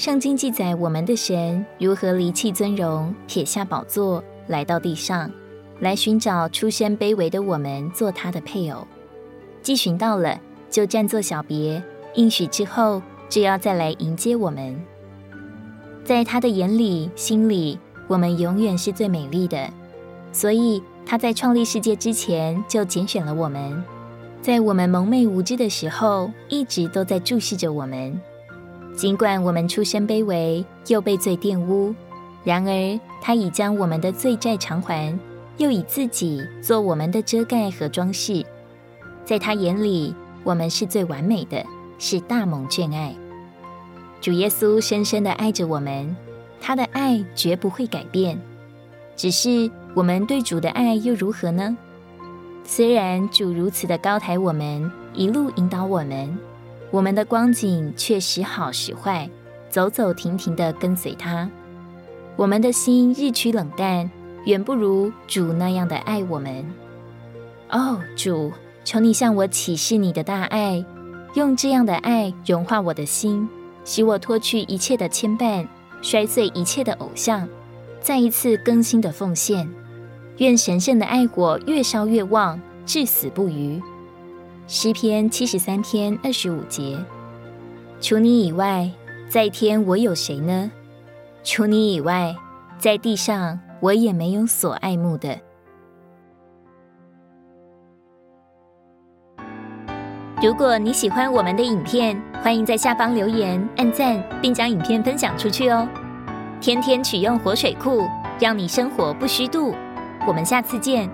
聖經記載，我們的神如何離棄尊榮，撇下寶座，來到地上，來尋找出身卑微的我們做他的配偶。既尋到了，就暫作小別，應許之後就要再來迎接我們。在他的眼裡、心裡，我們永遠是最美麗的。所以他在創立世界之前就揀選了我們，在我們蒙昧無知的時候，一直都在注視着我們。儘管我們出身卑微，又被罪玷污，然而他已將我們的罪債償還，又以自己做我們的遮蓋和裝飾。在他眼裡，我們是最完美的，是大蒙眷愛。主耶穌深深地愛着我們，他的愛絕不會改變。只是我們對主的愛又如何呢？雖然主如此的高抬我們，一路引導我們。我們的光景卻時好時壞，走走停停地跟隨他。我們的心日趨冷淡，遠不如主那樣的愛我們。哦，主，求你向我啟示你的大愛，用這樣的愛融化我的心，使我脫去一切的牽絆，摔碎一切的偶像，再一次更新的奉獻。願神聖的愛火越燒越旺，至死不渝。詩篇七十三篇二十五節：除你以外，在天我有誰呢？除你以外，在地上我也沒有所愛慕的。如果你喜歡我們的影片，歡迎在下方留言、按讚，並將影片分享出去哦。天天取用活水庫，讓你生活不虛度。我們下次見。